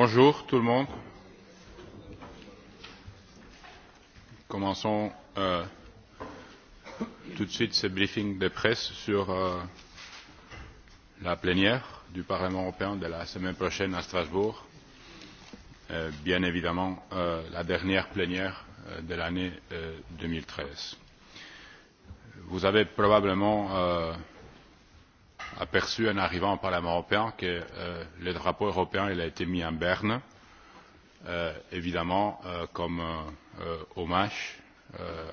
bonjour tout le monde commençons tout de suite ce briefing de presse sur la plénière du parlement européen de la semaine prochaine à strasbourg bien évidemment la dernière plénière de l'année deux mille treize vous avez probablement aperçu en arrivant au Parlement européen que le drapeau européen a été mis en berne, évidemment comme hommage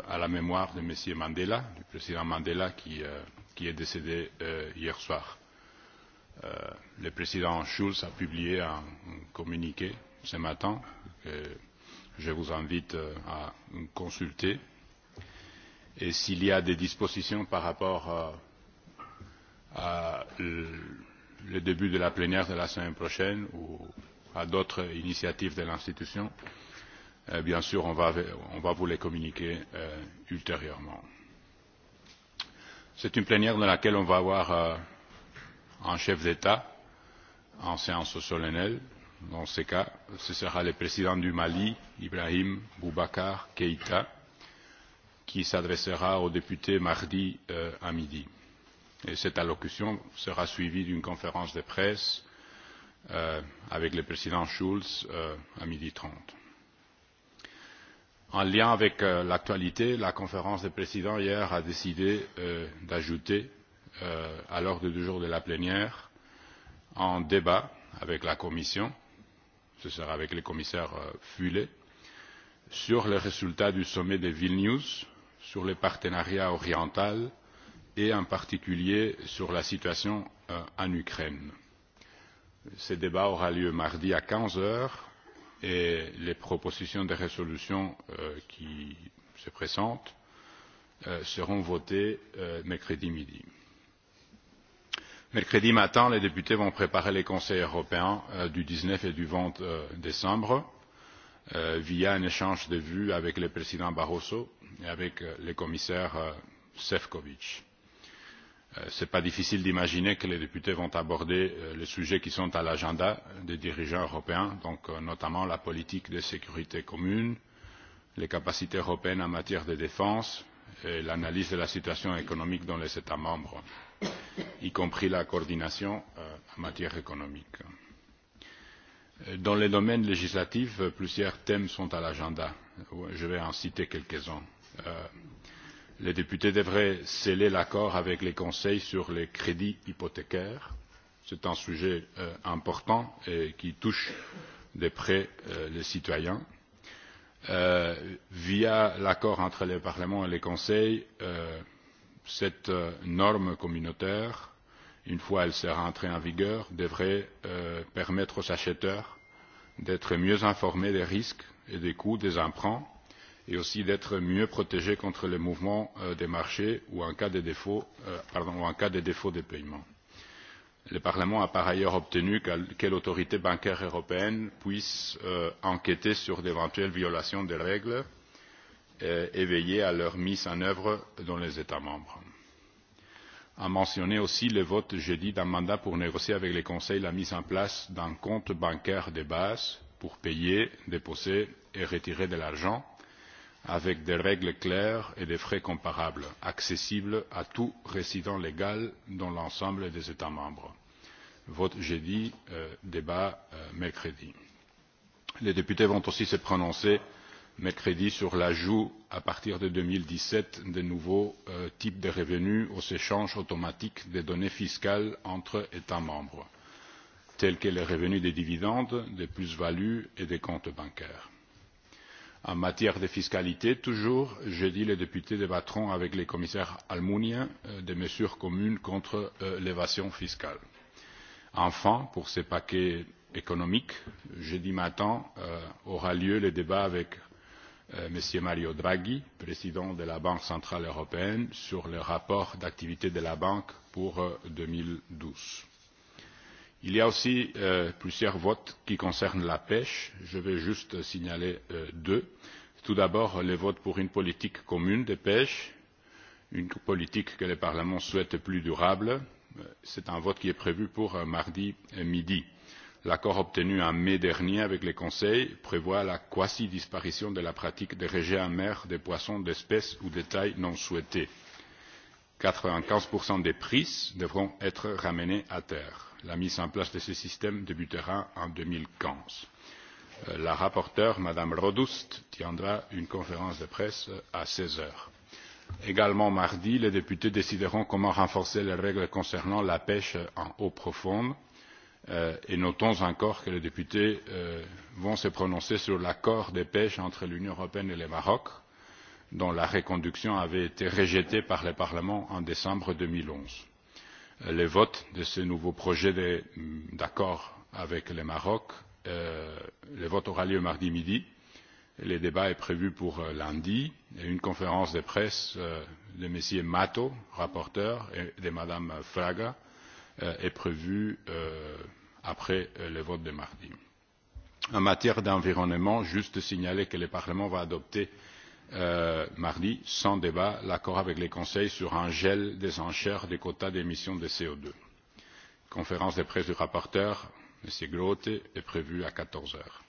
à la mémoire de M. Mandela, du président Mandela qui, est décédé hier soir. le président Schulz a publié un communiqué ce matin que je vous invite à consulter. Et s'il y a des dispositions par rapport à le début de la plénière de la semaine prochaine ou à d'autres initiatives de l'institution. Bien sûr, on va, vous les communiquer ultérieurement. C'est une plénière dans laquelle on va avoir un chef d'État en séance solennelle. Dans ce cas, ce sera le président du Mali, Ibrahim Boubacar Keïta, qui s'adressera aux députés mardi à midi Et cette allocution sera suivie d'une conférence de presse avec le président Schulz à midi trente. En lien avec l'actualité, la conférence des présidents hier a décidé d'ajouter à l'ordre du jour de la plénière un débat avec la Commission, ce sera avec le commissaire Füle, sur les résultats du sommet de Vilnius sur le partenariat oriental et en particulier sur la situation en Ukraine. Ce débat aura lieu mardi à quinze heures et les propositions de résolution qui se présentent seront votées mercredi midi. Mercredi matin, les députés vont préparer les conseils européens du dix neuf et du vingt décembre via un échange de vues avec le président Barroso et avec le commissaire Sefcovic ce n'est pas difficile d'imaginer que les députés vont aborder les sujets qui sont à l'agenda des dirigeants européens, notamment la politique de sécurité commune, les capacités européennes en matière de défense et l'analyse de la situation économique dans les États membres, y compris la coordination en matière économique. Dans les domaines législatifs, plusieurs thèmes sont à l'agenda. Je vais en citer quelques-uns les députés devraient sceller l'accord avec le conseil sur les crédits hypothécaires. c'est un sujet important qui touche de près les citoyens. via l'accord entre le parlement et le conseil cette norme communautaire une fois qu'elle sera entrée en vigueur devrait permettre aux acheteurs d'être mieux informés des risques et des coûts des emprunts et aussi d'être mieux protégés contre les mouvements des marchés ou en cas de défaut, de paiement. Le Parlement a par ailleurs obtenu que l'autorité bancaire européenne puisse enquêter sur d'éventuelles violations des règles et veiller à leur mise en œuvre dans les États membres. A mentionné aussi le vote jeudi d'un mandat pour négocier avec le Conseil la mise en place d'un compte bancaire de base pour payer, déposer et retirer de l'argent avec des règles claires et des frais comparables, accessibles à tout résident légal dans l'ensemble des États membres. Vote jeudi, débat mercredi. Les députés vont aussi se prononcer mercredi sur l'ajout, à partir de deux mille dix sept, de nouveaux types de revenus aux échanges automatiques des données fiscales entre États membres, tels que les revenus des dividendes, des plus-values et des comptes bancaires En matière de fiscalité, toujours, jeudi, les députés débattront avec les commissaires Almunia des mesures communes contre l'évasion fiscale. Enfin, pour ce paquet économique, jeudi matin aura lieu le débat avec M. Mario Draghi, président de la Banque centrale européenne, sur le rapport d'activité de la banque pour deux mille douze il y a aussi plusieurs votes qui concernent la pêche je vais juste signaler deux tout d'abord le vote pour une politique commune de pêche une politique que le parlement souhaite plus durable c'est un vote qui est prévu pour mardi midi. l'accord obtenu en mai dernier avec le conseil prévoit la quasi disparition de la pratique des rejets en mer des poissons d'espèces ou de tailles non souhaitées quatre vingt quinze des prises devront être ramenées à terre la mise en place de ce système débutera en deux mille quinze. la rapporteure mme rodust tiendra une conférence de presse à seize heures. également mardi les députés décideront comment renforcer les règles concernant la pêche en eaux profondes et notons encore que les députés vont se prononcer sur l'accord de pêche entre l'union européenne et le maroc dont la reconduction avait été rejetée par le parlement en décembre deux mille onze le vote de ce nouveau projet d'accord avec le Maroc. le vote aura lieu mardi midi. Le débat est prévu pour lundi et une conférence de presse de M. Mato, rapporteur, et de Mme Fraga est prévue après le vote de mardi. En matière d'environnement, juste signaler que le Parlement va adopter mardi, sans débat, l'accord avec le Conseil sur un gel des enchères des quotas d'émissions de co deux. La Conférence de presse du rapporteur, M. Grote, est prévue à quatorze heures.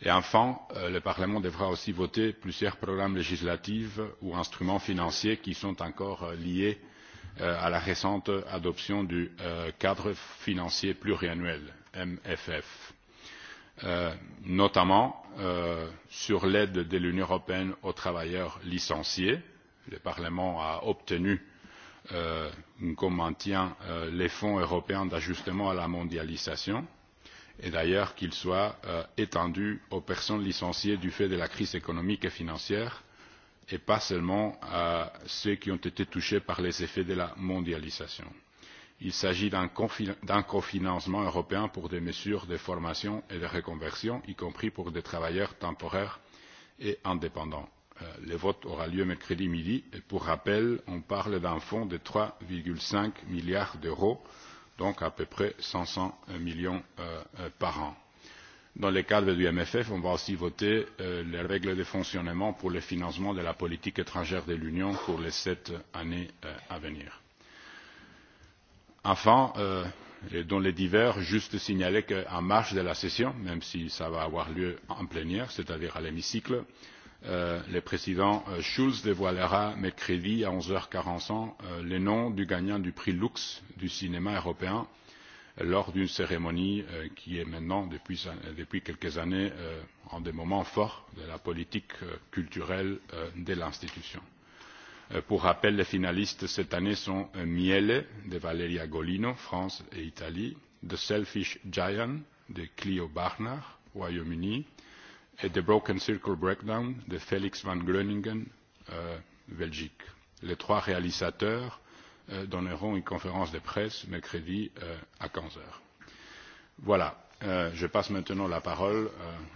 Et enfin, le Parlement devra aussi voter plusieurs programmes législatifs ou instruments financiers qui sont encore liés à la récente adoption du cadre financier pluriannuel, MFF notamment sur l'aide de l'Union européenne aux travailleurs licenciés. Le Parlement a obtenu qu'on maintienne les fonds européens d'ajustement à la mondialisation et d'ailleurs qu'ils soient étendus aux personnes licenciées du fait de la crise économique et financière et pas seulement à ceux qui ont été touchés par les effets de la mondialisation il s'agit d'un cofinancement européen pour des mesures de formation et de reconversion, y compris pour des travailleurs temporaires et indépendants. le vote aura lieu mercredi midi et pour rappel, on parle d'un fonds de trois cinq milliards d'euros, donc à peu près cinq cents millions par an. Dans le cadre du MFF, on va aussi voter les règles de fonctionnement pour le financement de la politique étrangère de l'Union pour les sept années à venir enfin et dont les divers juste signaler qu'en marge de la session même si cela va avoir lieu en plénière c'est à dire à l'hémicycle le président schulz dévoilera mercredi à onze h quarante cinq le nom du gagnant du prix lux du cinéma européen lors d'une cérémonie qui est maintenant depuis quelques années un des moments forts de la politique culturelle de l'institution pour rappel les finalistes cette année sont miele de valeria golino france et italie the selfish giant de clio barnard royaume uni et the broken circle breakdown de felix van groeningen belgique. les trois réalisateurs donneront une conférence de presse mercredi à quinze heures. voilà je passe maintenant la parole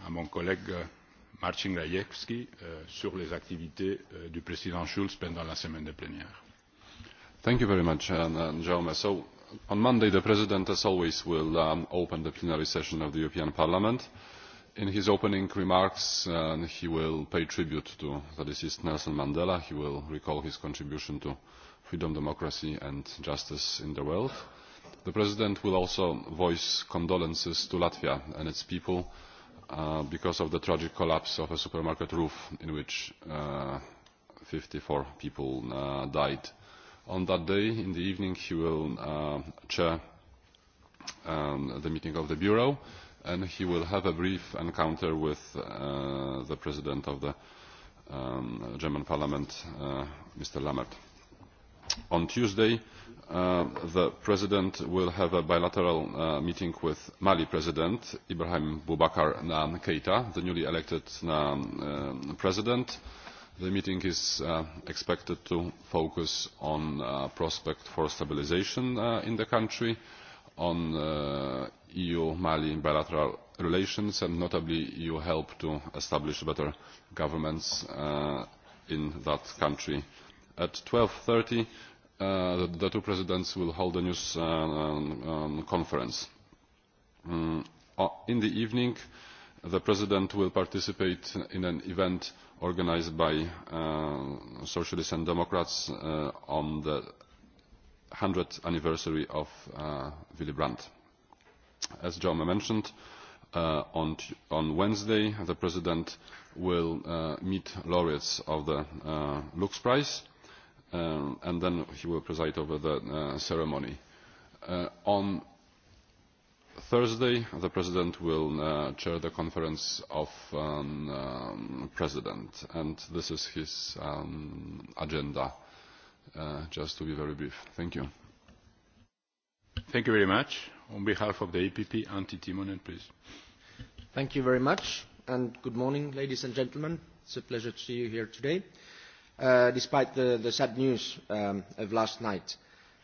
à mon collègue Marcin Gajewski sur les activités du président Schulz pendant la semaine de plénière. Thank you very much, Jaume. So on Monday, the President, as always, will um, open the plenary session of the European Parliament. In his opening remarks, uh, he will pay tribute to the deceased Nelson Mandela. He will recall his contribution to freedom, democracy and justice in the world. The President will also voice condolences to Latvia and its people because of the tragic collapse of a supermarket roof in which uh, 54 people uh, died. On that day, in the evening, he will uh, chair um, the meeting of the Bureau and he will have a brief encounter with uh, the President of the um, German Parliament, uh, Mr. Lammert on Tuesday, the President will have a bilateral meeting with Mali President Ibrahim Boubacar Keita, the newly elected President. The meeting is expected to focus on uh, prospect for stabilization in the country, on EU-Mali bilateral relations, and notably EU help to establish better governments in that country At twelve thirty the two presidents will hold a news conference. in the evening, the president will participate in an event organised by Socialists and Democrats on the hundredth anniversary of Willy Brandt. As Jaume mentioned, on, Wednesday, the president will meet laureates of the Lux Prize and then he will preside over the uh, ceremony. Uh, on Thursday, the President will uh, chair the conference of um, um, President, and this is his um, agenda, uh, just to be very brief. Thank you. Thank you very much. On behalf of the EPP, Antti Timonen, please. Thank you very much, and good morning, ladies and gentlemen. It's a pleasure to see you here today uh, despite the, the sad news um, of last night.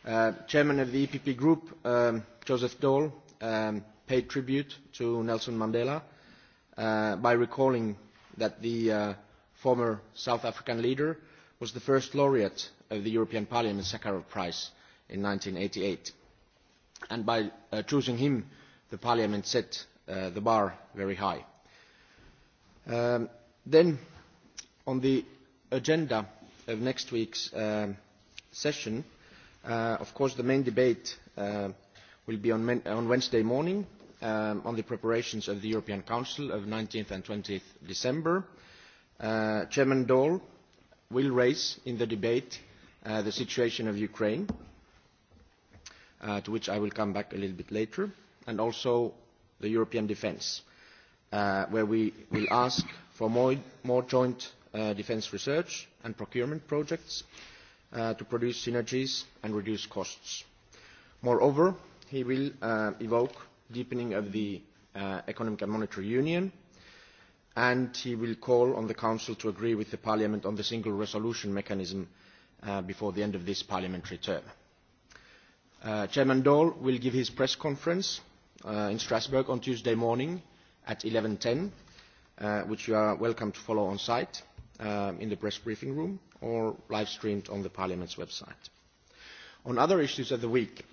Uh, chairman of the EPP group, um, Joseph Daul, um, paid tribute to Nelson Mandela uh, by recalling that the uh, former South African leader was the first laureate of the European Parliament Sakharov Prize in 1988. And by uh, choosing him, the Parliament set uh, the bar very high. Um, then, on the agenda of next week's session, of course, the main debate will be on, Wednesday morning on the preparations of the European Council of 19th and 20th December. Chairman Daul will raise in the debate the situation of Ukraine, to which I will come back a little bit later, and also the European defence, where we will ask for more, more joint defence research and procurement projects uh, to produce synergies and reduce costs. Moreover, he will uh, evoke deepening of the uh, Economic and Monetary Union, and he will call on the Council to agree with the Parliament on the single resolution mechanism uh, before the end of this parliamentary term. Uh, Chairman Daul will give his press conference uh, in Strasbourg on Tuesday morning at 11.10, uh, which you are welcome to follow on site in the press briefing room or live streamed on the Parliament's website. On other issues of the week,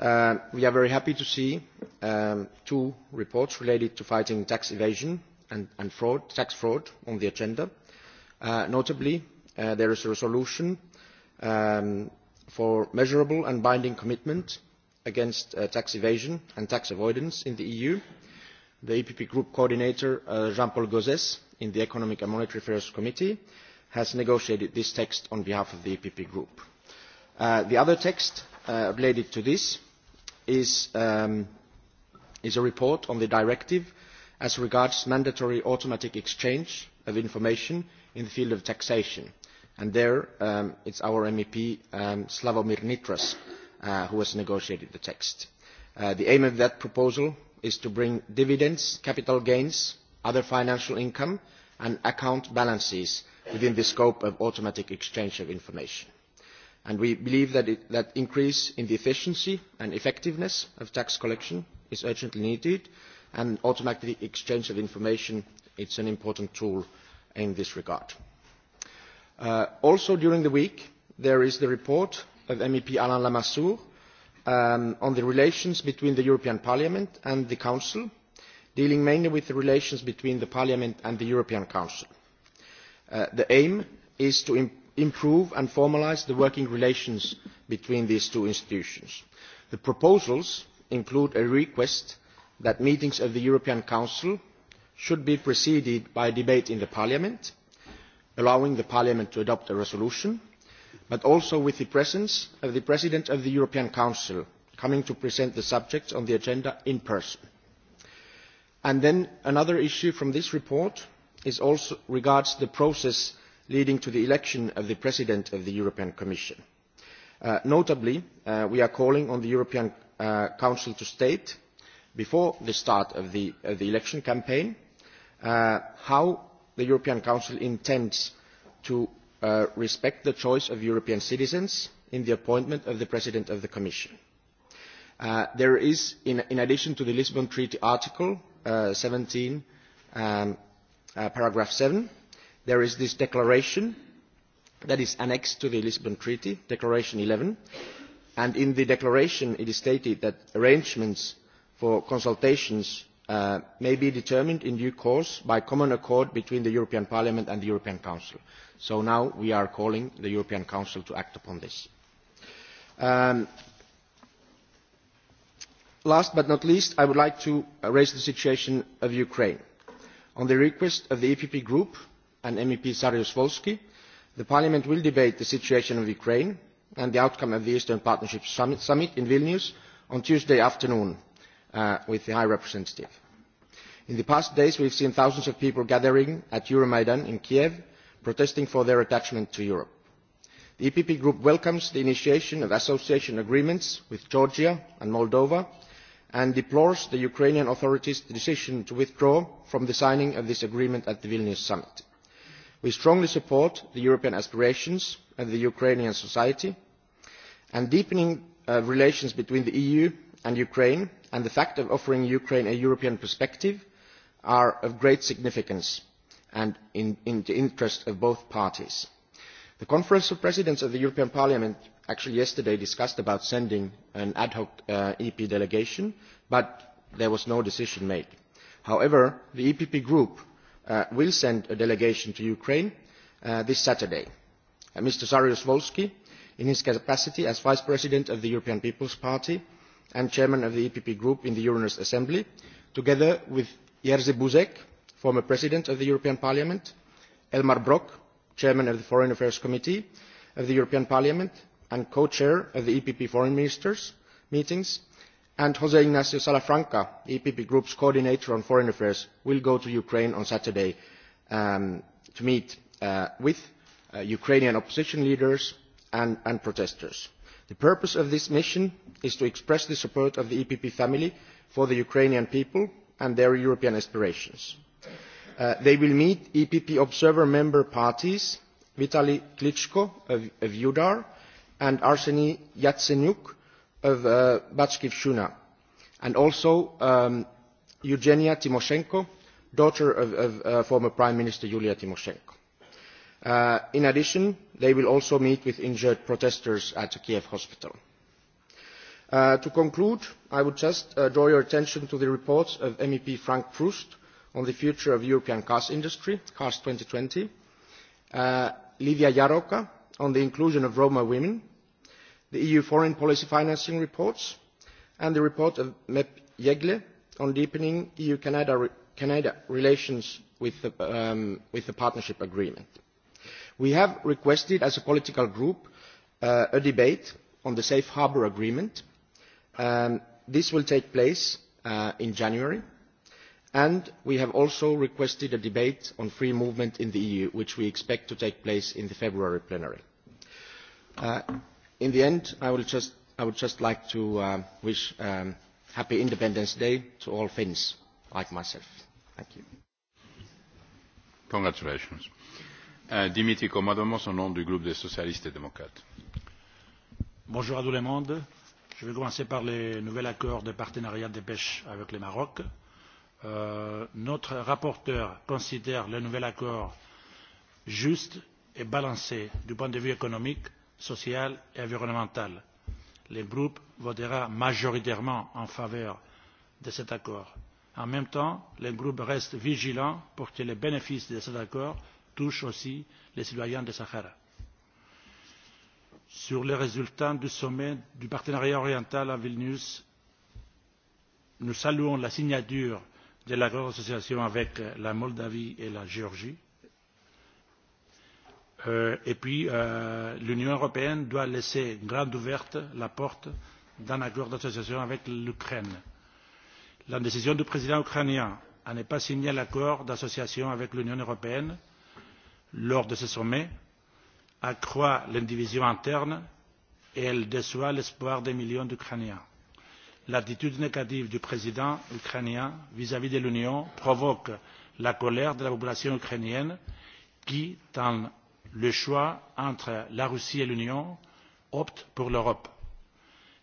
uh, we are very happy to see um, two reports related to fighting tax evasion and, and fraud, tax fraud on the agenda. Uh, notably, uh, there is a resolution um, for measurable and binding commitment against uh, tax evasion and tax avoidance in the EU, the epp group coordinator jean paul gauzs in the economic and monetary affairs committee has negotiated this text on behalf of the epp group. the other text related to this is a report on the directive as regards mandatory automatic exchange of information in the field of taxation and there it is our mep slavomir nitras who has negotiated the text. the aim of that proposal is to bring dividends, capital gains, other financial income and account balances within the scope of automatic exchange of information. And we believe that an increase in the efficiency and effectiveness of tax collection is urgently needed and automatic exchange of information is an important tool in this regard. also during the week there is the report of mep alain lamassoure on the relations between the european parliament and the council dealing mainly with the relations between parliament and the european council. the aim is to improve and formalise the working relations between these two institutions. the proposals include a request that meetings of the european council should be preceded by a debate in parliament allowing parliament to adopt a resolution but also with the presence of the President of the European Council coming to present the subjects on the agenda in person. then another issue from this report regards the process leading to the election of the President of the European Commission. notably, we are calling on the European Council to state, before the start of the, election campaign, how the European Council intends to respect the choice of European citizens in the appointment of the President of the Commission. there is, in, addition to the Lisbon Treaty Article seventeen, paragraph seven, there is this declaration that is annexed to the Lisbon Treaty, Declaration eleven, and in the declaration it is stated that arrangements for consultations may be determined in due course by common accord between the European Parliament and the European Council. So now we are calling on the European Council to act upon this. last but not least, I would like to raise the situation of Ukraine. On the request of the EPP Group and MEP Saryusz Wolski, Parliament will debate the situation of Ukraine and the outcome of the Eastern Partnership Summit in Vilnius on Tuesday afternoon with the High Representative. In the past days, we have seen thousands of people gathering at Euromaidan in Kiev protesting for their attachment to europe. the epp group welcomes the initiation of association agreements with georgia and moldova and deplores the ukrainian authorities' decision to withdraw from the signing of this agreement at the vilnius summit. we strongly support the european aspirations of ukrainian society and deepening relations between the eu and ukraine and the fact of offering ukraine a european perspective are of great significance and in, the interest of both parties. The Conference of Presidents of the European Parliament actually yesterday discussed sending an ad hoc EP delegation, but there was no decision made. However, the EPP group will send a delegation to Ukraine this Saturday. Mr. Saryusz Wolski, in his capacity as Vice President of the European People's Party and Chairman of the EPP Group in the Euronest Assembly, together with Jerzy Buzek, former president of the european parliament elmar brok chairman of the foreign affairs committee of the european parliament and co chair of the epp foreign ministers meetings and jos ignacio salafranca the epp group's coordinator on foreign affairs will go to ukraine on saturday to meet with ukrainian opposition leaders and protesters. the purpose of this mission is to express the support of the epp family for the ukrainian people and their european aspirations they will meet epp observer member parties vitali klitschko of udar and arseniy yatsenyuk of batskivshuna and also Eugenia Tymoshenko, daughter of, former Prime Minister Yulia Tymoshenko. in addition, they will also meet with injured protesters at the Kiev hospital. to conclude, I would just draw your attention to the reports of MEP Frank Proust on the future of European cars industry, Cars 2020, uh, Livia Jaroka on the inclusion of Roma women, the EU foreign policy financing reports, and the report of MEP Jegle on deepening EU-Canada relations with the, with the partnership agreement. We have requested as a political group a debate on the safe harbour agreement. this will take place in January and we have also requested a debate on free movement in the eu which we expect to take place in the february plenary. in the end i would just like to wish happy independence day to all finns like myself. thank you. congratulations. dimitri komadamos au nom du groupe des socialistes et démocrates. bonjour à tout le monde. je vais commencer par le nouvel accord de partenariat de pêche avec le maroc notre rapporteur considère le nouvel accord juste et balancé du point de vue économique social et environnemental. le groupe votera majoritairement en faveur de cet accord. en même temps le groupe reste vigilant pour que les bénéfices de cet accord touchent aussi les citoyens du sahara. sur les résultats du sommet du partenariat oriental à vilnius nous saluons la signature de l'accord d'association avec la moldavie et la géorgie et puis l'union européenne doit laisser grande ouverte la porte d'un accord d'association avec l'ukraine. la décision du président ukrainien de ne pas signer l'accord d'association avec l'union européenne lors de ce sommet accroît les divisions internes et elle déçoit l'espoir des millions d'ukrainiens l'attitude négative du président ukrainien vis à vis de l'union provoque la colère de la population ukrainienne qui dans le choix entre la russie et l'union opte pour l'europe.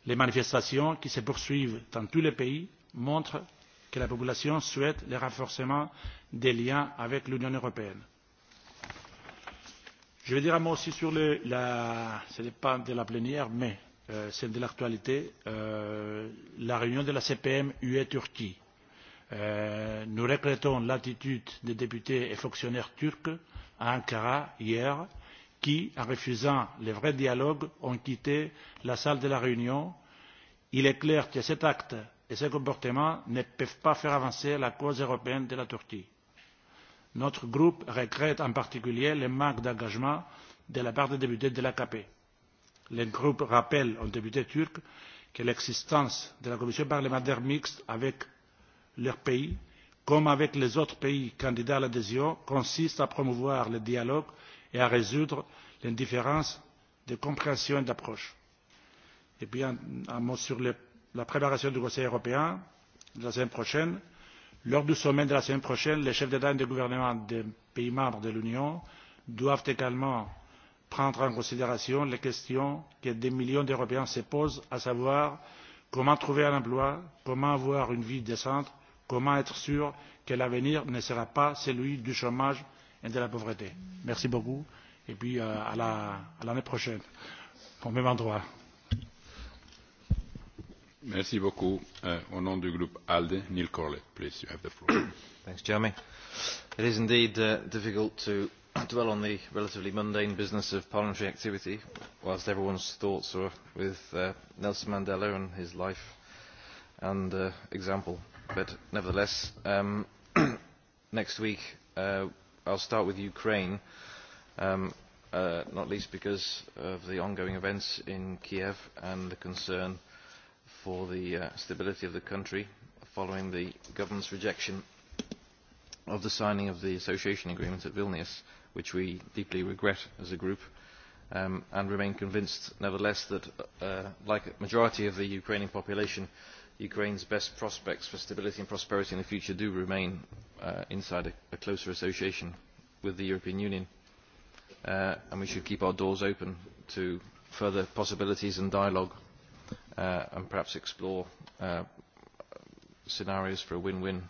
les manifestations qui se poursuivent dans tous les pays montrent que la population souhaite le renforcement des liens avec l'union européenne. je vais dire un mot aussi sur le ce n'est pas de la plénière mais c'est de l'actualité, la réunion de la CPM UE-Turquie. nous regrettons l'attitude des députés et fonctionnaires turcs à Ankara hier, qui, en refusant le vrai dialogue, ont quitté la salle de la réunion. Il est clair que cet acte et ce comportement ne peuvent pas faire avancer la cause européenne de la Turquie. Notre groupe regrette en particulier le manque d'engagement de la part des députés de l'AKP Le groupe rappelle aux députés turcs que l'existence de la commission parlementaire mixte avec leur pays, comme avec les autres pays candidats à l'adhésion, consiste à promouvoir le dialogue et à résoudre les différences de compréhension et d'approche. Et puis un, mot sur la préparation du Conseil européen de la semaine prochaine. Lors du sommet de la semaine prochaine, les chefs d'État et de gouvernement des pays membres de l'Union doivent également prendre en considération les questions que des millions d'Européens se posent, à savoir comment trouver un emploi, comment avoir une vie décente, comment être sûr que l'avenir ne sera pas celui du chômage et de la pauvreté. Merci beaucoup et puis à l'année la, prochaine, au même endroit. Merci beaucoup. Uh, au nom du groupe ALDE, Neil Corlett, please, you have the floor. Thanks, Jeremy. It is indeed uh, difficult to dwell on the relatively mundane business of parliamentary activity, whilst everyone's thoughts are with uh, Nelson Mandela and his life and uh, example. But nevertheless, um, next week uh, I'll start with Ukraine, um, uh, not least because of the ongoing events in Kiev and the concern for the uh, stability of the country following the government's rejection of the signing of the association agreement at Vilnius which we deeply regret as a group, and remain convinced, nevertheless, that, like a majority of the Ukrainian population, Ukraine's best prospects for stability and prosperity in the future do remain inside a, closer association with the European Union. and we should keep our doors open to further possibilities and dialogue and perhaps explore scenarios for a win-win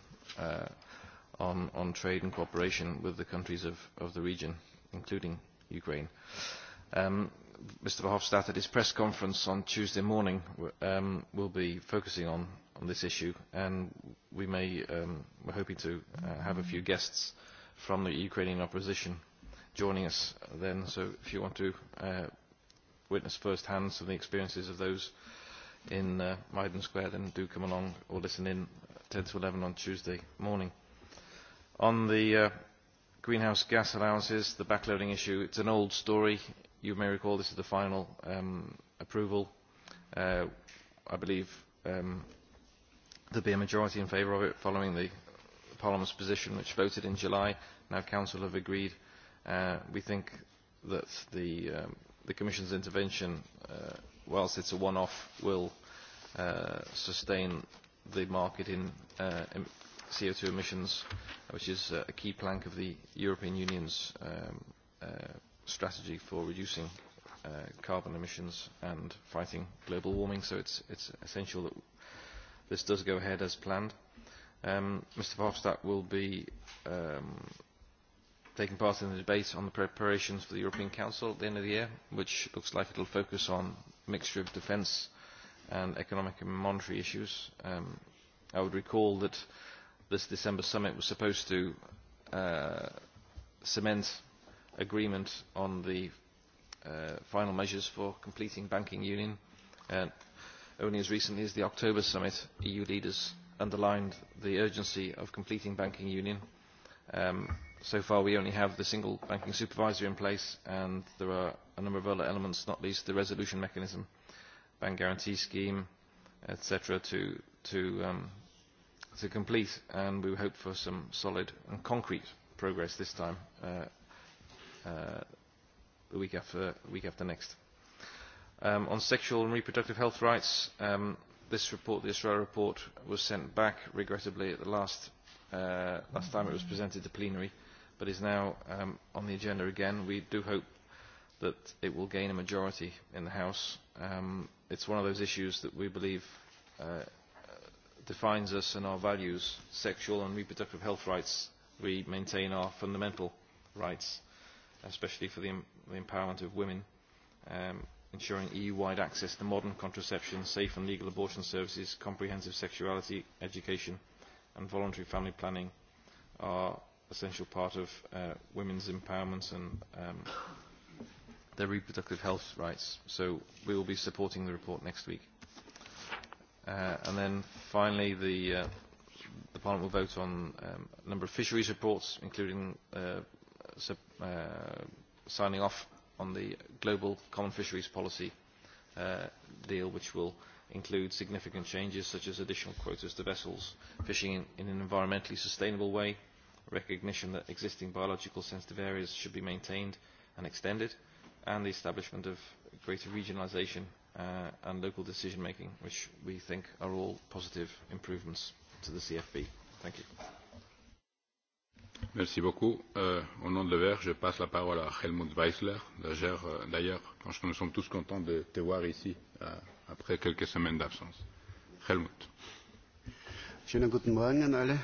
on, on trade and cooperation with the countries of, of the region, including Ukraine. Um, Mr Verhofstadt at his press conference on Tuesday morning um, will be focusing on, on this issue and we may, um, we're hoping to uh, have a few guests from the Ukrainian opposition joining us then. So if you want to uh, witness firsthand some of the experiences of those in uh, Maidan Square, then do come along or listen in 10 to 11 on Tuesday morning. On the greenhouse gas allowances, the backloading issue, it's an old story. You may recall this is the final approval. I believe there will be a majority in favour of it following the Parliament's position, which voted in July. Now Council have agreed. we think that the, Commission's intervention, whilst it is a one-off, will sustain the market in CO2 emissions, which is a key plank of the European Union's um, uh, strategy for reducing uh, carbon emissions and fighting global warming, so it's, it's essential that this does go ahead as planned. Um, Mr Verhofstadt will be um, taking part in the debate on the preparations for the European Council at the end of the year, which looks like it will focus on a mixture of defence and economic and monetary issues. Um, I would recall that This December summit was supposed to uh, cement agreement on the uh, final measures for completing banking union. And only as recently as the October summit, EU leaders underlined the urgency of completing banking union. Um, so far, we only have the single banking supervisor in place, and there are a number of other elements, not least the resolution mechanism, bank guarantee scheme, etc., to, to um, to complete, and we hope for some solid and concrete progress this time, uh, uh, the week after, week after next. Um, on sexual and reproductive health rights, um, this report, the Israel report, was sent back, regrettably, at the last, uh, last time it was presented to plenary, but is now um, on the agenda again. We do hope that it will gain a majority in the House. Um, it's one of those issues that we believe uh, defines us and our values, sexual and reproductive health rights, we maintain our fundamental rights, especially for the, the empowerment of women, um, ensuring EU-wide access to modern contraception, safe and legal abortion services, comprehensive sexuality education and voluntary family planning are essential part of uh, women's empowerment and um, their reproductive health rights. So we will be supporting the report next week. Uh, and then finally, the, uh, the Parliament will vote on um, a number of fisheries reports, including uh, sub, uh, signing off on the global common fisheries policy uh, deal, which will include significant changes such as additional quotas to vessels fishing in, in an environmentally sustainable way, recognition that existing biological sensitive areas should be maintained and extended, and the establishment of greater regionalisation uh, and local decision making, which we think are all positive improvements to the CFP. Thank you. Merci beaucoup. Euh, au nom de l'EVER, je passe la parole à Helmut Weisler. D'ailleurs, je pense que nous sommes tous contents de te voir ici euh, après quelques semaines d'absence. Helmut. Schönen guten Morgen an alle.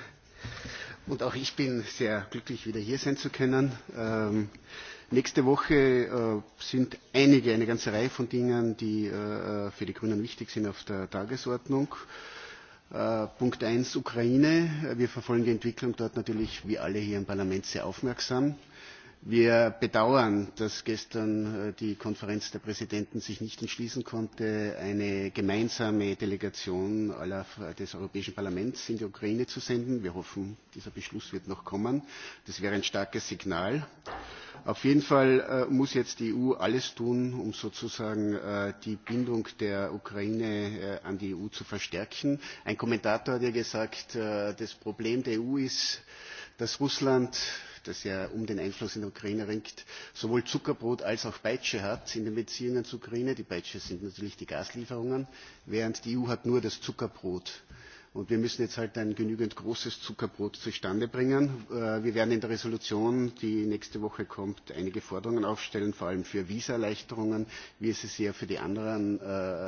Und auch ich bin sehr glücklich, wieder hier sein zu können. Euh, Nächste Woche sind einige, eine ganze Reihe von Dingen, die für die Grünen wichtig sind, auf der Tagesordnung. Punkt eins Ukraine. Wir verfolgen die Entwicklung dort natürlich wie alle hier im Parlament sehr aufmerksam. Wir bedauern, dass gestern die Konferenz der Präsidenten sich nicht entschließen konnte, eine gemeinsame Delegation des Europäischen Parlaments in die Ukraine zu senden. Wir hoffen, dieser Beschluss wird noch kommen. Das wäre ein starkes Signal. Auf jeden Fall muss jetzt die EU alles tun, um sozusagen die Bindung der Ukraine an die EU zu verstärken. Ein Kommentator hat ja gesagt, das Problem der EU ist, dass Russland das ja um den Einfluss in der Ukraine ringt, sowohl Zuckerbrot als auch Peitsche hat in den Beziehungen zur Ukraine. Die Peitsche sind natürlich die Gaslieferungen, während die EU hat nur das Zuckerbrot. Und wir müssen jetzt halt ein genügend großes Zuckerbrot zustande bringen. Wir werden in der Resolution, die nächste Woche kommt, einige Forderungen aufstellen, vor allem für Visaerleichterungen, wie es es ja für die anderen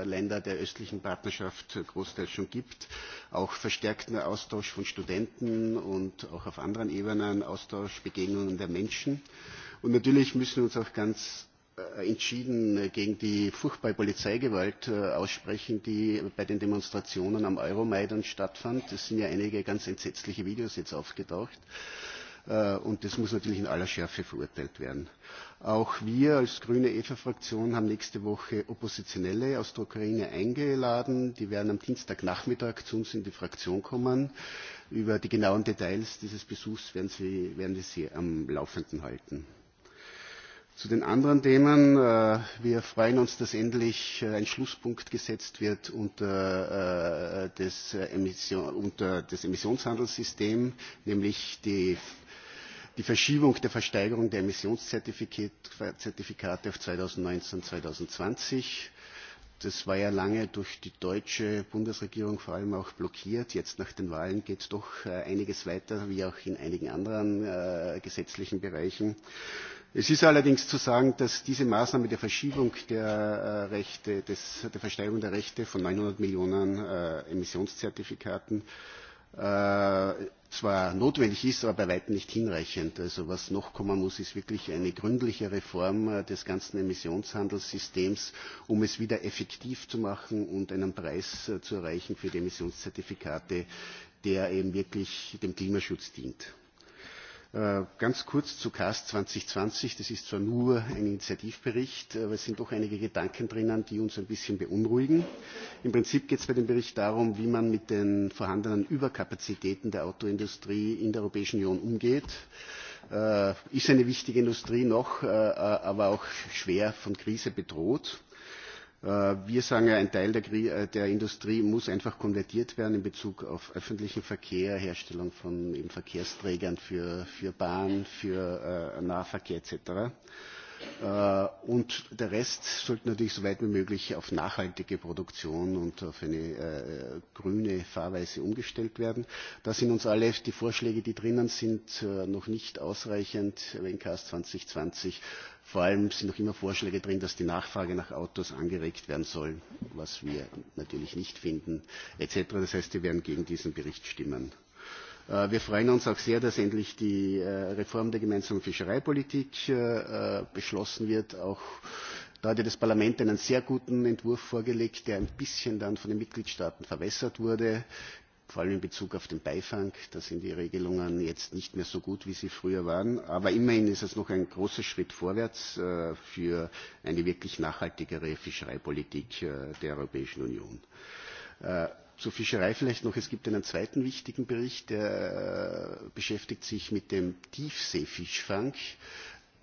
Länder der östlichen Partnerschaft großteils schon gibt. Auch verstärkten Austausch von Studenten und auch auf anderen Ebenen Austausch, Begegnungen der Menschen. Und natürlich müssen wir uns auch ganz entschieden gegen die furchtbare Polizeigewalt aussprechen, die bei den Demonstrationen am Euromaidan stattfand. Es sind ja einige ganz entsetzliche Videos jetzt aufgetaucht. Und das muss natürlich in aller Schärfe verurteilt werden. Auch wir als grüne EFA-Fraktion haben nächste Woche Oppositionelle aus der Ukraine eingeladen. Die werden am Dienstagnachmittag zu uns in die Fraktion kommen. Über die genauen Details dieses Besuchs werden, Sie, werden wir Sie am Laufenden halten. Zu den anderen Themen. Wir freuen uns, dass endlich ein Schlusspunkt gesetzt wird unter das, Emission, unter das Emissionshandelssystem, nämlich die, die Verschiebung der Versteigerung der Emissionszertifikate auf 2019 und 2020 Das war ja lange durch die deutsche Bundesregierung vor allem auch blockiert. Jetzt nach den Wahlen geht doch einiges weiter, wie auch in einigen anderen äh, gesetzlichen Bereichen. Es ist allerdings zu sagen, dass diese Maßnahme der Verschiebung der Rechte, des, der Versteigerung der Rechte von 900 Millionen äh, Emissionszertifikaten äh, zwar notwendig ist, aber bei weitem nicht hinreichend. Also was noch kommen muss, ist wirklich eine gründliche Reform des ganzen Emissionshandelssystems, um es wieder effektiv zu machen und einen Preis zu erreichen für die Emissionszertifikate, der eben wirklich dem Klimaschutz dient. Ganz kurz zu CAST 2020. Das ist zwar nur ein Initiativbericht, aber es sind doch einige Gedanken drinnen, die uns ein bisschen beunruhigen. Im Prinzip geht es bei dem Bericht darum, wie man mit den vorhandenen Überkapazitäten der Autoindustrie in der Europäischen Union umgeht ist eine wichtige Industrie noch, aber auch schwer von Krise bedroht. Wir sagen ja, ein Teil der, der Industrie muss einfach konvertiert werden in Bezug auf öffentlichen Verkehr, Herstellung von eben Verkehrsträgern für, für Bahn, für äh, Nahverkehr etc. Und der Rest sollte natürlich so weit wie möglich auf nachhaltige Produktion und auf eine äh, grüne Fahrweise umgestellt werden. Da sind uns alle die Vorschläge, die drinnen sind, noch nicht ausreichend. wenn CAS 2020 Vor allem sind noch immer Vorschläge drin, dass die Nachfrage nach Autos angeregt werden soll, was wir natürlich nicht finden, etc. Das heißt, wir werden gegen diesen Bericht stimmen. Wir freuen uns auch sehr, dass endlich die Reform der gemeinsamen Fischereipolitik beschlossen wird. Auch da hat das Parlament einen sehr guten Entwurf vorgelegt, der ein bisschen dann von den Mitgliedstaaten verwässert wurde vor allem in Bezug auf den Beifang. Da sind die Regelungen jetzt nicht mehr so gut, wie sie früher waren. Aber immerhin ist es noch ein großer Schritt vorwärts für eine wirklich nachhaltigere Fischereipolitik der Europäischen Union. Zur Fischerei vielleicht noch. Es gibt einen zweiten wichtigen Bericht, der beschäftigt sich mit dem Tiefseefischfang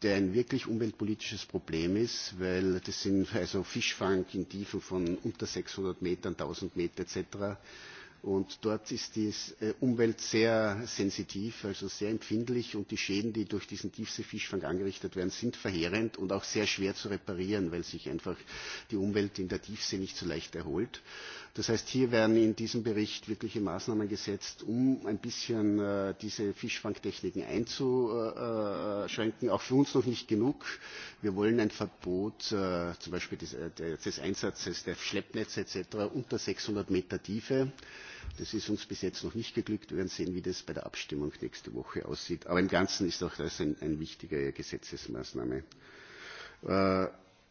der ein wirklich umweltpolitisches Problem ist, weil das sind also Fischfang in Tiefen von unter 600 Metern, 1000 Meter etc Und dort ist die Umwelt sehr sensitiv, also sehr empfindlich. Und die Schäden, die durch diesen Tiefseefischfang angerichtet werden, sind verheerend und auch sehr schwer zu reparieren, weil sich einfach die Umwelt in der Tiefsee nicht so leicht erholt. Das heißt, hier werden in diesem Bericht wirkliche Maßnahmen gesetzt, um ein bisschen diese Fischfangtechniken einzuschränken. Auch für uns noch nicht genug. Wir wollen ein Verbot zum Beispiel des Einsatzes der Schleppnetze etc. unter 600 Meter Tiefe. Das ist uns bis jetzt noch nicht geglückt. Wir werden sehen, wie das bei der Abstimmung nächste Woche aussieht. Aber im Ganzen ist auch das eine wichtige Gesetzesmaßnahme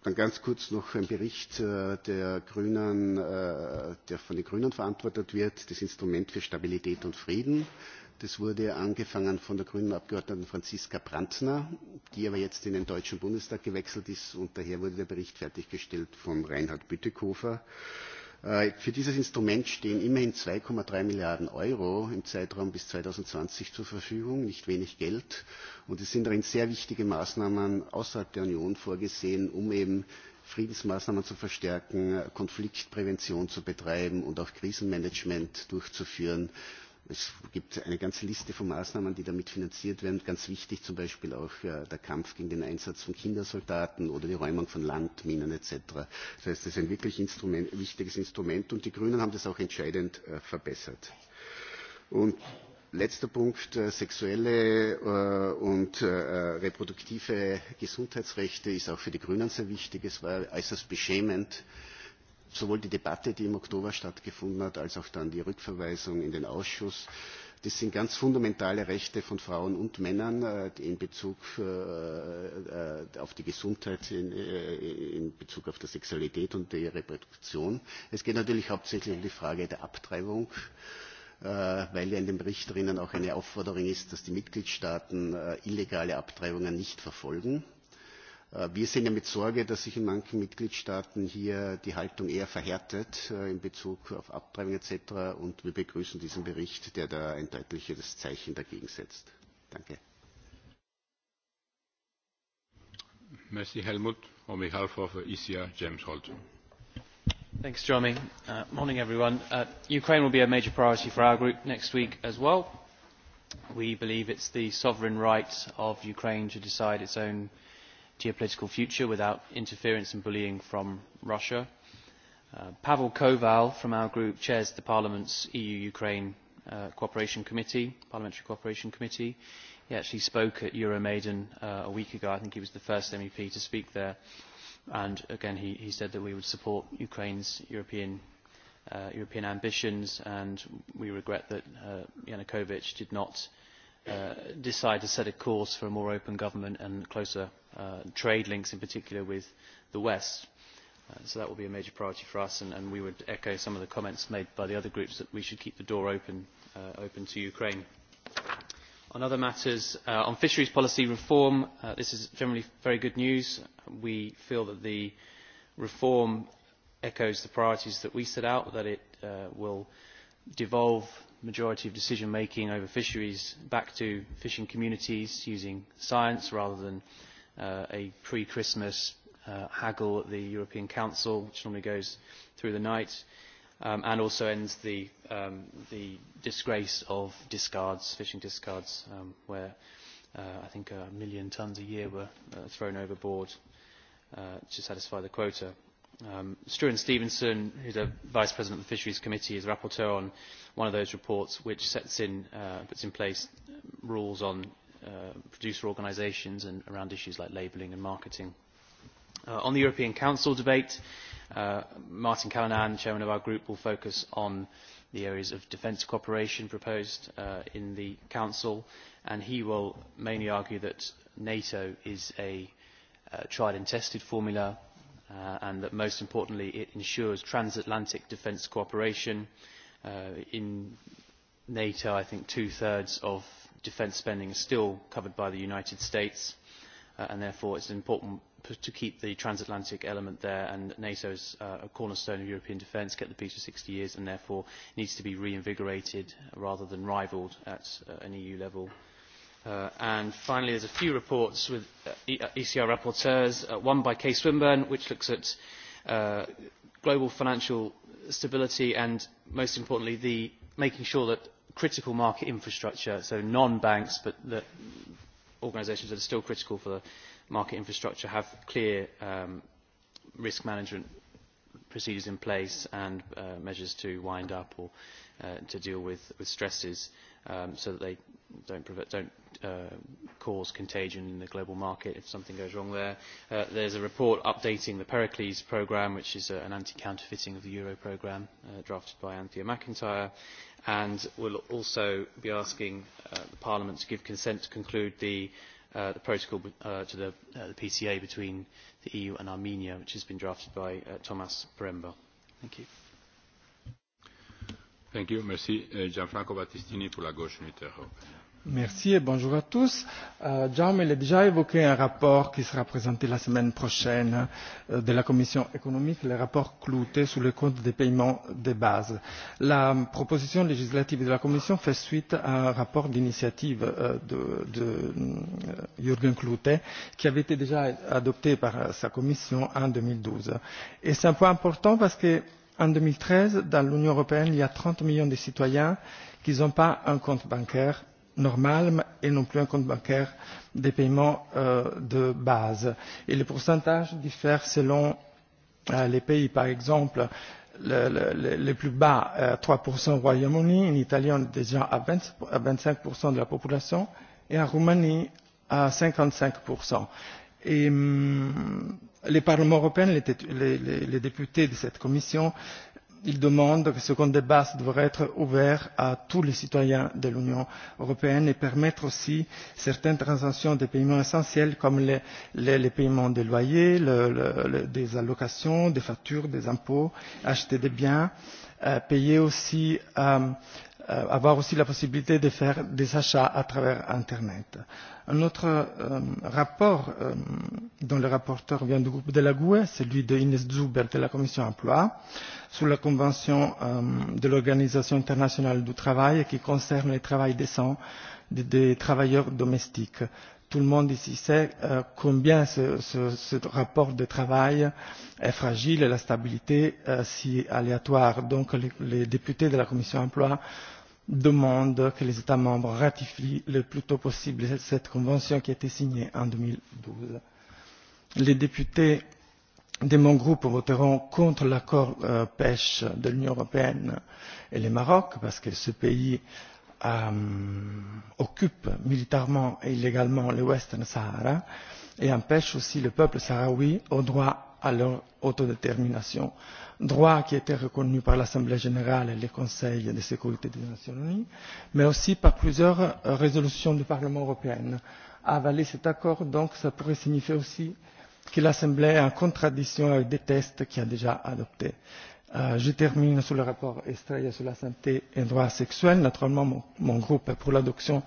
Dann ganz kurz noch ein Bericht der Grünen, der von den Grünen verantwortet wird, das Instrument für Stabilität und Frieden. Das wurde angefangen von der grünen Abgeordneten Franziska Brandner, die aber jetzt in den Deutschen Bundestag gewechselt ist und daher wurde der Bericht fertiggestellt von Reinhard Bütikofer. Für dieses Instrument stehen immerhin zwei drei Milliarden Euro im Zeitraum bis 2020 zur Verfügung, nicht wenig Geld. Und es sind darin sehr wichtige Maßnahmen außerhalb der Union vorgesehen, um eben Friedensmaßnahmen zu verstärken, Konfliktprävention zu betreiben und auch Krisenmanagement durchzuführen Es gibt eine ganze Liste von Maßnahmen, die damit finanziert werden. Ganz wichtig zum Beispiel auch der Kampf gegen den Einsatz von Kindersoldaten oder die Räumung von Landminen etc. Das heißt, es ist ein wirklich Instrument, wichtiges Instrument und die Grünen haben das auch entscheidend verbessert. Und letzter Punkt, sexuelle und reproduktive Gesundheitsrechte ist auch für die Grünen sehr wichtig. Es war äußerst beschämend, sowohl die Debatte, die im Oktober stattgefunden hat, als auch dann die Rückverweisung in den Ausschuss. Das sind ganz fundamentale Rechte von Frauen und Männern in Bezug auf die Gesundheit, in Bezug auf die Sexualität und die Reproduktion. Es geht natürlich hauptsächlich um die Frage der Abtreibung weil ja in den Bericht auch eine Aufforderung ist, dass die Mitgliedstaaten illegale Abtreibungen nicht verfolgen Wir sehen ja mit Sorge, dass sich in manchen Mitgliedstaaten hier die Haltung eher verhärtet in Bezug auf Abtreibung etc. Und wir begrüßen diesen Bericht, der da ein deutliches Zeichen dagegen setzt. Danke. Merci Helmut. On behalf of ECR, James Holt. Thanks, Jeremy. Uh, morning, everyone. Uh, Ukraine will be a major priority for our group next week as well. We believe it's the sovereign right of Ukraine to decide its own geopolitical future without interference and bullying from Russia. Pavel Koval from our group chairs the Parliament's EU-Ukraine Cooperation Committee, Parliamentary Cooperation Committee. He actually spoke at Euromaidan uh, a week ago. I think he was the first MEP to speak there. And again, he, he said that we would support Ukraine's European, uh, European ambitions, and we regret that uh, Yanukovych did not uh, decide to set a course for a more open government and closer trade links in particular with the West. so that will be a major priority for us and, and we would echo some of the comments made by the other groups that we should keep the door open, open to Ukraine. On other matters, on fisheries policy reform, this is generally very good news. We feel that the reform echoes the priorities that we set out, that it will devolve majority of decision making over fisheries back to fishing communities using science rather than uh, a pre Christmas uh, haggle at the European Council, which normally goes through the night, um, and also ends the, um, the disgrace of discards, fishing discards, um, where uh, I think a million tonnes a year were uh, thrown overboard uh, to satisfy the quota struan stevenson who is a vice president of the fisheries committee is rapporteur on one of those reports which puts in place rules on producer organisations and around issues like labelling and marketing. on the european council debate martin callanan chairman of our group will focus on the areas of defence cooperation proposed in the council and he will mainly argue that nato is a tried and tested formula and that most importantly it ensures transatlantic defence cooperation. in nato i think two thirds of defence spending is still covered by the united states and therefore it is important to keep the transatlantic element there and nato is a cornerstone of european defence kept the peace for sixty years and therefore needs to be reinvigorated rather than rivalled at an eu level and finally there are a few reports with ecr rapporteurs one by kay swinburne which looks at global financial stability and most importantly making sure that critical market infrastructure so non banks but the organisations that are still critical for market infrastructure have clear risk management procedures in place and measures to wind up or to deal with stresses um, so that they don't, prevent, don't uh, cause contagion in the global market if something goes wrong there. Uh, there's a report updating the Pericles programme, which is uh, an anti-counterfeiting of the Euro programme uh, drafted by Anthea McIntyre. And we'll also be asking uh, the Parliament to give consent to conclude the, uh, the protocol uh, to the, uh, the PCA between the EU and Armenia, which has been drafted by uh, Thomas Peremba. Thank you. Merci. et bonjour à tous. Euh, Jaume a déjà évoqué un rapport qui sera présenté la semaine prochaine euh, de la Commission économique, le rapport clouté sur le compte des paiements de base. La proposition législative de la Commission fait suite à un rapport d'initiative euh, de, de euh, Jürgen Klute, qui avait été déjà adopté par sa Commission en 2012. Et c'est un point important parce que En deux mille treize, dans l'Union européenne, il y a trente millions de citoyens qui n'ont pas un compte bancaire normal et non plus un compte bancaire de paiement de base. Et le pourcentage diffère selon les pays. Par exemple, le, plus bas, à trois au Royaume-Uni, en Italie, on est déjà à, vingt cinq de la population, et en Roumanie, à cinquante cinq. Et le Parlement européen, les, les, députés de cette commission, ils demandent que ce compte de base devrait être ouvert à tous les citoyens de l'Union européenne et permettre aussi certaines transactions de paiement essentiels comme les, paiements des loyers, des allocations, des factures, des impôts, acheter des biens, payer aussi euh, avoir aussi la possibilité de faire des achats à travers Internet. Un autre euh, rapport euh, dont le rapporteur vient du groupe de la GUE, celui de Ines Zuber de la Commission emploi, sur la Convention euh, de l'Organisation internationale du travail qui concerne le travail décent des, des travailleurs domestiques. Tout le monde ici sait euh, combien ce, ce, ce rapport de travail est fragile et la stabilité euh, si aléatoire. Donc les, les députés de la commission emploi demande que les États membres ratifient le plus tôt possible cette convention qui a été signée en. deux mille douze Les députés de mon groupe voteront contre l'accord euh, pêche de l'Union européenne et le Maroc parce que ce pays occupe militairement et illégalement le Western Sahara et empêche aussi le peuple sahraoui au droit à leur autodétermination, droit qui était reconnu par l'Assemblée générale et le Conseil de sécurité des Nations unies, mais aussi par plusieurs résolutions du Parlement européen. Avaler cet accord, donc, cela pourrait signifier aussi que l'Assemblée est en contradiction avec des textes qu'elle a déjà adoptés. je termine sur le rapport estrela sur la santé et les droits sexuels. Naturellement, mon, mon groupe est pour l'adoption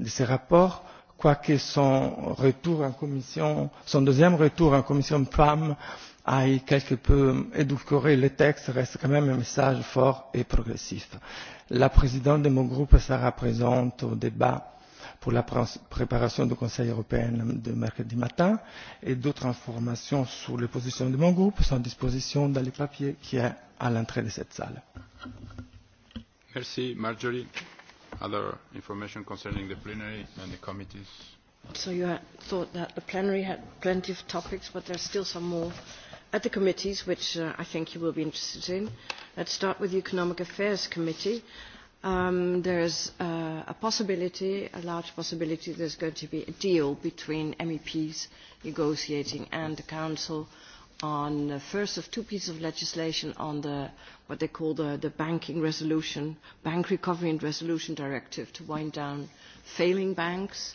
de ces rapports quoique son retour en commission, son deuxième retour en commission PAM aille quelque peu édulcorer le texte, reste quand même un message fort et progressif. La présidente de mon groupe sera présente au débat pour la préparation du Conseil européen de mercredi matin et d'autres informations sur les positions de mon groupe sont à disposition dans le papier qui est à l'entrée de cette salle. Merci Marjorie other information concerning the plenary and the committees? So you had thought that the plenary had plenty of topics, but there's still some more at the committees, which uh, I think you will be interested in. Let's start with the Economic Affairs Committee. Um, there's uh, a possibility, a large possibility, there's going to be a deal between MEPs negotiating and the Council on the first of two pieces of legislation on the what they call the, the banking resolution, bank recovery and resolution directive to wind down failing banks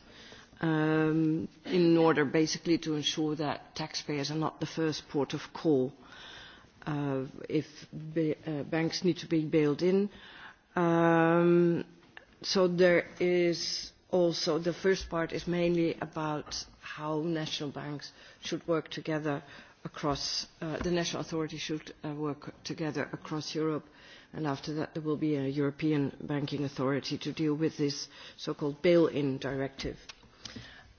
um, in order basically to ensure that taxpayers are not the first port of call uh, if ba uh, banks need to be bailed in. Um, so there is also the first part is mainly about how national banks should work together across the national authorities should work together across Europe. And after that, there will be a European banking authority to deal with this so-called bail-in directive.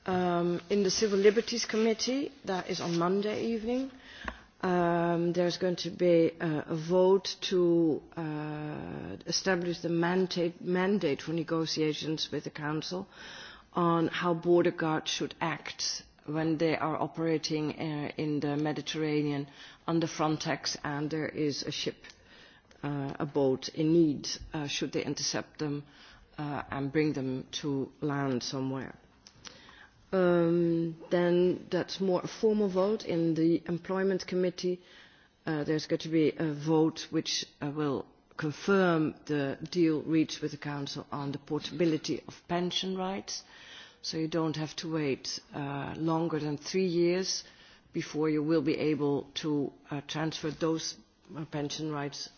in the Civil Liberties Committee, that is on Monday evening, um, there's going to be a vote to establish the mandate, mandate for negotiations with the Council on how border guards should act when they are operating in the Mediterranean under Frontex and there is a ship, a boat in need, should they intercept them and bring them to land somewhere. Um, then that's more a formal vote in the Employment Committee. Uh, there's going to be a vote which uh, will confirm the deal reached with the Council on the portability of pension rights. Uh, so you don't have to wait uh, longer than three years before you will be able to uh, transfer those pension rights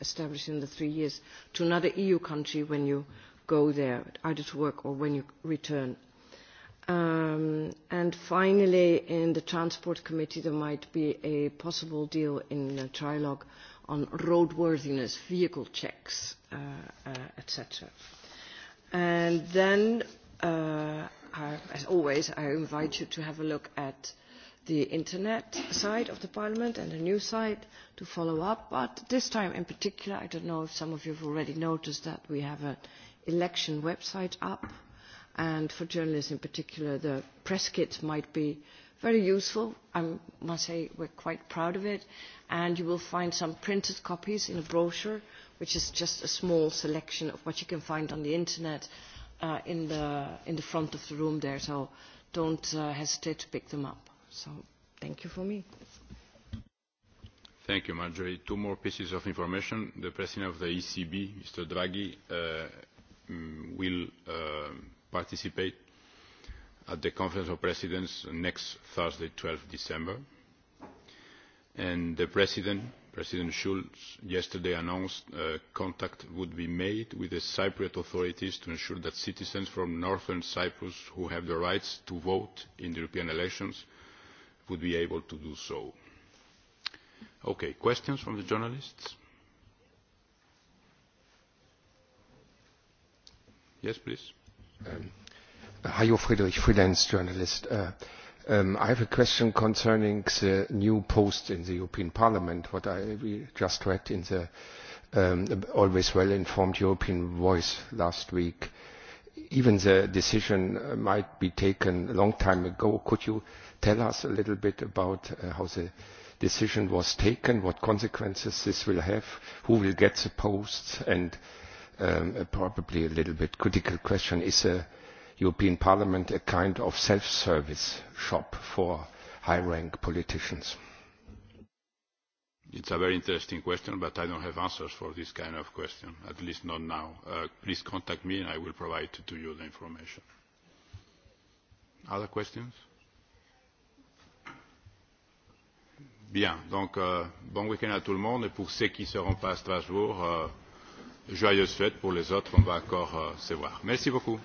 established in the three years to another EU country when you go there, either to work or when you return. Um, and finally, in the Transport Committee, there might be a possible deal in a trilogue on roadworthiness, vehicle checks, uh, uh, etc. And then Uh, as always, I invite you to have a look at the internet side of the parliament and the news site to follow up. But this time in particular, I don't know if some of you have already noticed that we have an election website up. And for journalists in particular, the press kit might be very useful. I must say we're quite proud of it. And you will find some printed copies in a brochure, which is just a small selection of what you can find on the internet uh, in, the, in the front of the room there, so don't uh, hesitate to pick them up. So thank you for me. Thank you, Marjorie. Two more pieces of information. The president of the ECB, Mr. Draghi, uh, will uh, participate at the Conference of Presidents next Thursday, 12 December. And the president President Schulz yesterday announced contact would be made with the Cypriot authorities to ensure that citizens from northern Cyprus who have the rights to vote in the European elections would be able to do so. Okay, questions from the journalists? Yes, please. Um, hi, Friedrich, freelance journalist. Uh, I have a question concerning the new post in the European Parliament, what I just read in the um, always well-informed European Voice last week. Even the decision might be taken a long time ago. Could you tell us a little bit about uh, how the decision was taken, what consequences this will have, who will get the posts, and um, probably a little bit critical question, is a European Parliament a kind of self-service shop for high-rank politicians? It's a very interesting question, but I don't have answers for this kind of question, at least not now. Uh, please contact me and I will provide to you the information. Other questions? Bien, donc euh, bon week-end à tout le monde et pour ceux qui ne seront pas à Strasbourg, euh, joyeuses fêtes. Pour les autres, on va encore euh, se voir. Merci beaucoup.